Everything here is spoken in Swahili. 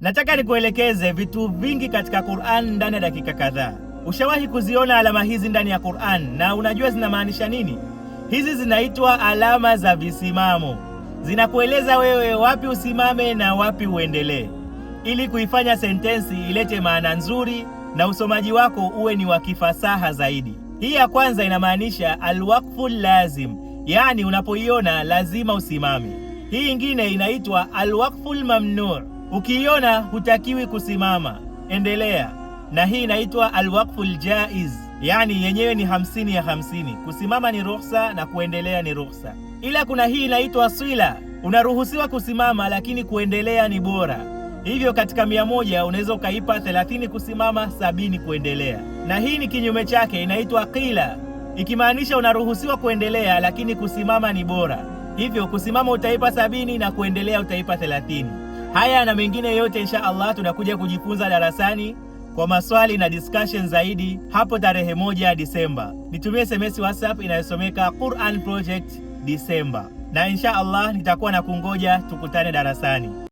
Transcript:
Nataka nikuelekeze vitu vingi katika Qur'an ndani ya dakika kadhaa. Ushawahi kuziona alama hizi ndani ya Qur'an na unajua zinamaanisha nini? Hizi zinaitwa alama za visimamo. Zinakueleza wewe wapi usimame na wapi uendelee, ili kuifanya sentensi ilete maana nzuri na usomaji wako uwe ni wa kifasaha zaidi. Hii ya kwanza inamaanisha alwaqfu lazim, yaani unapoiona lazima usimame. Hii ingine inaitwa alwaqfu mamnu Ukiiona hutakiwi kusimama, endelea. Na hii inaitwa alwaqfu jaiz, yani yenyewe ni hamsini ya hamsini. Kusimama ni ruhusa na kuendelea ni ruhusa, ila kuna hii inaitwa swila, unaruhusiwa kusimama lakini kuendelea ni bora. Hivyo katika mia moja unaweza ukaipa thelathini kusimama, sabini kuendelea, na hii ni kinyume chake, inaitwa qila, ikimaanisha unaruhusiwa kuendelea lakini kusimama ni bora. Hivyo kusimama utaipa sabini na kuendelea utaipa thelathini. Haya na mengine yote insha Allah tunakuja kujifunza darasani kwa maswali na discussion zaidi hapo tarehe moja Disemba. Nitumie SMS WhatsApp inayosomeka Quran Project Disemba, na insha Allah nitakuwa na kungoja, tukutane darasani.